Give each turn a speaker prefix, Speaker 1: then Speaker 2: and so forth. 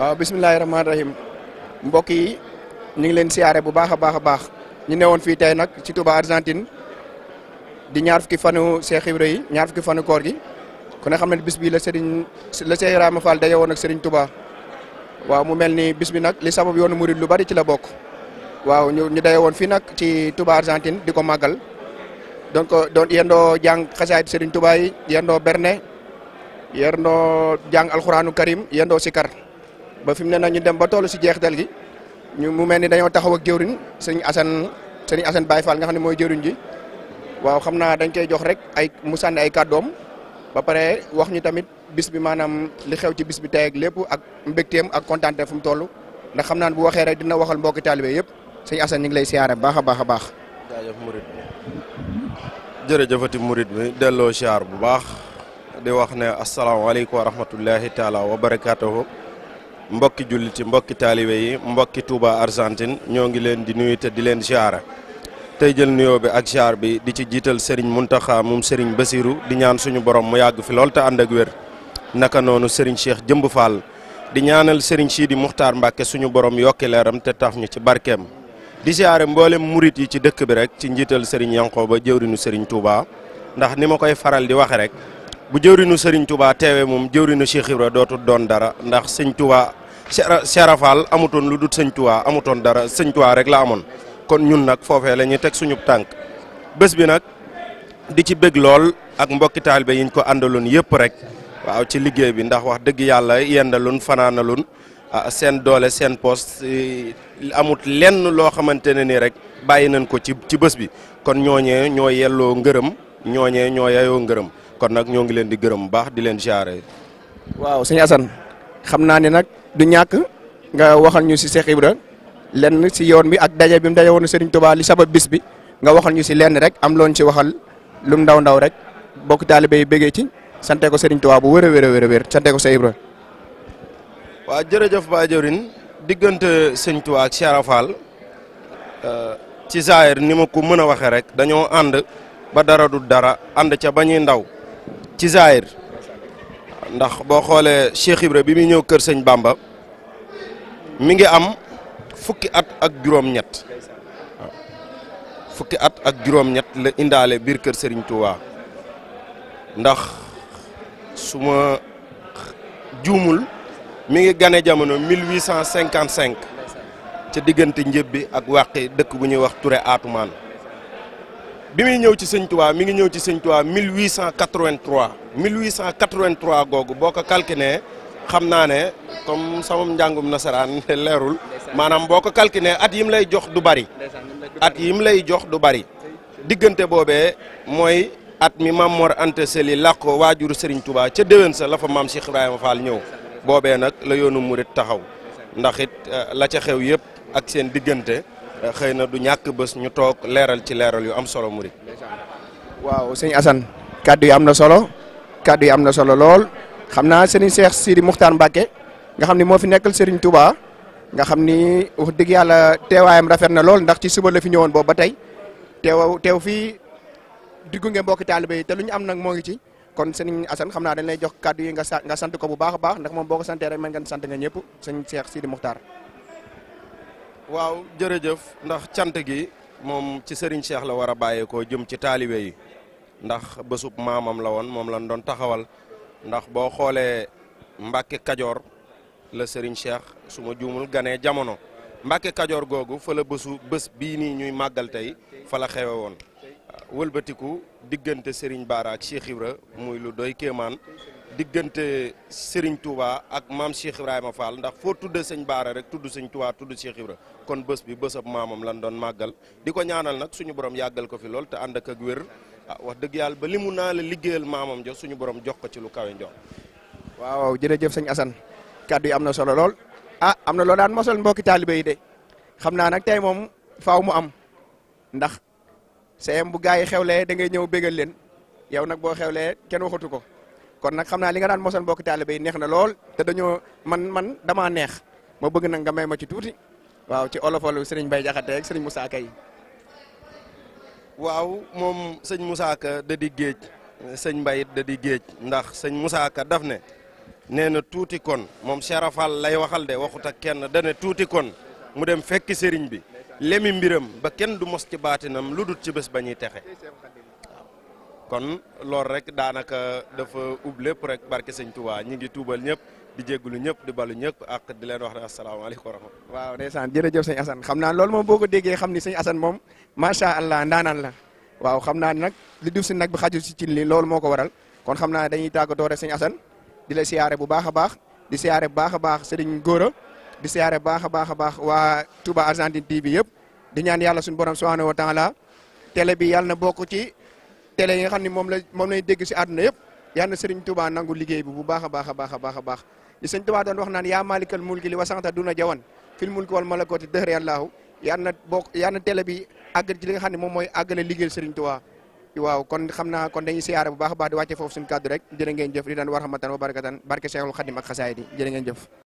Speaker 1: waaw bisimilahi rahmaani rahim mbokk yi ñu ngi leen siyaare bu baax a baax a baax ñu newoon fii tey nag ci Touba Argentine di ñaar ki fanu Cheikh Ibra yi ñaar fukki fanu koor gi ku ne xam ne bis bi la Serigne la Cheikh Ibrahima woon ak Serigne Touba waaw mu mel ni bis bi nag li sabab yoonu murid lu bari ci la bokk waaw ñu ñu daje woon fii nag ci Touba Argentine di ko màggal donc euh, doon yendoo jàng xasaayid Serigne Touba yi yendoo berne yendoo jàng alxuraanu karim yendoo sikar ba fi mu ne nag ñu dem ba toll si jeextal gi ñu mu mel ni dañoo taxaw ak jëwriñ sëñ Assane sëñ Assane Baye Fall nga xam ne mooy jëwriñ ji waaw xam na dañ koy jox rek ay mu sànni ay kàddoom ba pare wax ñu tamit bis bi maanaam li xew ci bis bi tey ak lépp ak mbégteem ak kontaante fu mu toll ndax xam naa bu waxee rek dina waxal mbokki taalibe yëpp sëñ Assane ñu ngi lay siyaare baax a baax a baax.
Speaker 2: jaajëf murit bi jërëjëfati delloo siyaar bu baax di wax ne asalaamaaleykum wa rahmatullahi taala wa barakaatuhu mbokki jullit yi mbokki taalibe yi mbokki Touba Argentine ñoo ngi leen di nuyu te di leen ziara tey jël nuyoo bi ak ziar bi di ci jiital Serigne Mountakha moom Serigne Bassirou di ñaan suñu borom mu yàgg fi lool te ànd ak wér naka noonu Serigne Cheikh Jëmb Fall di ñaanal Serigne Sidi Muxtaar mbakke suñu borom yokki te taf ñu ci barkeem di ziare mboolem murit yi ci dëkk bi rek ci njiital Serigne ba jëwrinu Serigne Touba ndax ni ma koy faral di waxe rek bu jëwrinu Serigne Touba teewee moom jëwrinu Cheikh dootul doon dara ndax Serigne Cheikh Fall amutoon lu dut sëñ Tuubaa amutoon dara sëñ rek la amoon kon ñun nag foofe la ñuy teg suñub tànk bés bi nag di ci bëgg lool ak mbokki taalibe yiñ ko àndaloon yëpp rek waaw ci liggéey bi ndax wax dëgg yàlla yendalun fanaanalun seen doole seen poste amut lenn loo xamante ne ni rek bàyyi nañ ko ci ci bés bi kon ñooñee ñoo yelloo ngërëm ñooñee ñoo yayoo ngërëm kon nag ñoo ngi leen di gërëm bu baax di leen jaare
Speaker 1: waaw sëñ Assane xam naa ne du ñàkk nga waxal ñu si Cheikh Ibra lenn si yoon bi ak daje bi mu daje woon Serigne Touba sabab bis bi nga waxal ñu si lenn rek am loon si waxal lu ndaw ndaw rek bokk taalibe yi bëggee ci sante ko Serigne Touba bu wér a wér a wér a wér sante ko Cheikh Ibra.
Speaker 2: waaw jërëjëf Ba Diorine diggante Serigne Touba ak Cheikh euh, ci zaahir ni ma ko mën a waxee rek dañoo ànd ba dara du dara ànd ca ba ñuy ndaw ci zaahir ndax boo xoolee Cheikh Ibra bi muy ñëw kër sëñ Bamba mi ngi am fukki at ak juróom-ñett fukki at ak juróom-ñett la indaale biir kër Serigne Touba ndax su ma juumul mi ngi gane jamono 1855 ca diggante njëb ak wàqi dëkk bu ñuy wax Touré Atoumane. bi muy ñëw ci sëñ Tuubaa mi ngi ñëw ci sëñ Tuubaa 1883 1883 googu boo ko calculé xam naa ne comme sama njàngum nasaraan leerul maanaam boo ko calculé at yim lay jox du bari at yim lay jox du bari diggante boobee mooy at mi Maam Mor Anta Sali làqoo waajuru Serigne tubaa ca déwén sa la fa maam si Ibrahima Fall ñëw boobee nag la yoonu murit taxaw ndax it eh, la ca xew yëpp ak seen diggante. Euh, xëy na du ñàkk bés ñu toog leeral ci leeral yu am solo murit
Speaker 1: waaw sëñ Assane kaddu yi am na solo kaddu yi am na solo lool xam naa sëriñ Cheikh Sidi Moukhtar Mbacke nga xam ni moo fi nekkal sëriñ Touba nga xam ni wax dëgg yàlla teewaayam rafet na lool ndax ci suba la fi ñëwoon boobu ba tey teew teew fii diggu nge mbokki taalibe yi te lu ñu am nag moo ngi ci kon sëriñ Assane xam naa dañ lay jox kaddu yi nga sant ko bu baax a baax ndax moom boo ko santee rek mën sant nga ñëpp sëñ Cheikh Sidi Moukhtar
Speaker 2: waaw jërëjëf ndax cant gi moom ci Serigne Cheikh la war a bàyyeekoo jëm ci taalibe yi ndax bésub maamam la woon moom lañ doon taxawal ndax boo xoolee Mbàkke Kajoor la Serigne Cheikh su ma juumul ganee jamono Mbàkke Kajoor googu fala la bës bés bii nii ñuy màggal tey fa la xewe woon wëlbatiku diggante Serigne Bara ak Cheikh muy lu doy kéemaan diggante Serigne Touba ak maam Cheikh ma Fall ndax foo tudd sëñ Baara rek tudd sëñ Touba tudd Cheikh Ibra kon bés bi bésab maamam lan doon màggal di ko ñaanal nak suñu borom yàggal ko fi lool te ànd ak ak ah, wax dëgg yàlla ba li mu naa la liggéeyal maamam jox suñu borom jox ko ci lu kawe njox
Speaker 1: waaw jërëjëf sëñ Assane kàddu yi am na solo lool a ah, am na loo an mosal mbokki taalibe yi de xam naa nag tey moom faaw mu am ndax CM bu gaa yi xewlee da ngay ñëw bégal leen yow nag boo xewlee kon nag xam naa li nga daan mosal mbokk taalibe yi neex na lool te dañoo man man damaa neex ma bëgg nag nga may ma ci tuuti waaw ci olofalu sëriñ Mbaye Diakhaté ak sëriñ Moussa Ka yi waaw moom sëñ Moussa Ka da di géej sëñ Mbaye it
Speaker 2: di géej ndax sëñ Moussa Ka daf ne nee na tuuti kon moom Serafal lay waxal de waxut ak kenn dana tuuti kon mu dem fekki sëriñ bi lemi mbiram ba kenn du mos ci baatinam lu dut ci bés ba ñuy texe kon loolu rek daanaka dafa ub lépp rek barke sëñ Touba ñi ngi tuubal ñëpp di jéggulu ñëpp di balu ñëpp ak di leen wax ne asalaamaaleykum wa rahmatulah.
Speaker 1: waaw ndeysaan jërëjëf sëñ Assane xam naa loolu moom boo ko déggee xam ni sëñ Assane moom macha allah ndaanaan la waaw xam naa nag di duf si nag bi xajul si cin li loolu moo ko waral kon xam naa dañuy tàggatoo rek sëñ Assane di la siyaare bu baax a baax di siyaare bu baax a baax sëriñ Gora di siyaare bu baax a baax a baax waa Touba Argentine TV yëpp di ñaan yàlla suñu borom subhanahu wa taala télé bi yàlla télé yi nga xam ne moom la moom lañ si àdduna yëpp yal na Serigne Touba nangu liggéey bi bu baax a baax a baax a baax a baax li Serigne Touba doon wax naan yaa maalikal mulki li wasanta duna jawan fil mulki wal malakooti dëhër yàllaahu yal na na télé bi àggal ci li moom mooy àggale liggéeyal Serigne Touba waaw kon xam naa kon dañuy siyaare bu baax baax di wàcce foofu suñu kàddu rek jëf di daan warhamatan wa barakatan barke Cheikhul Khadim ak xasaay di jërë jëf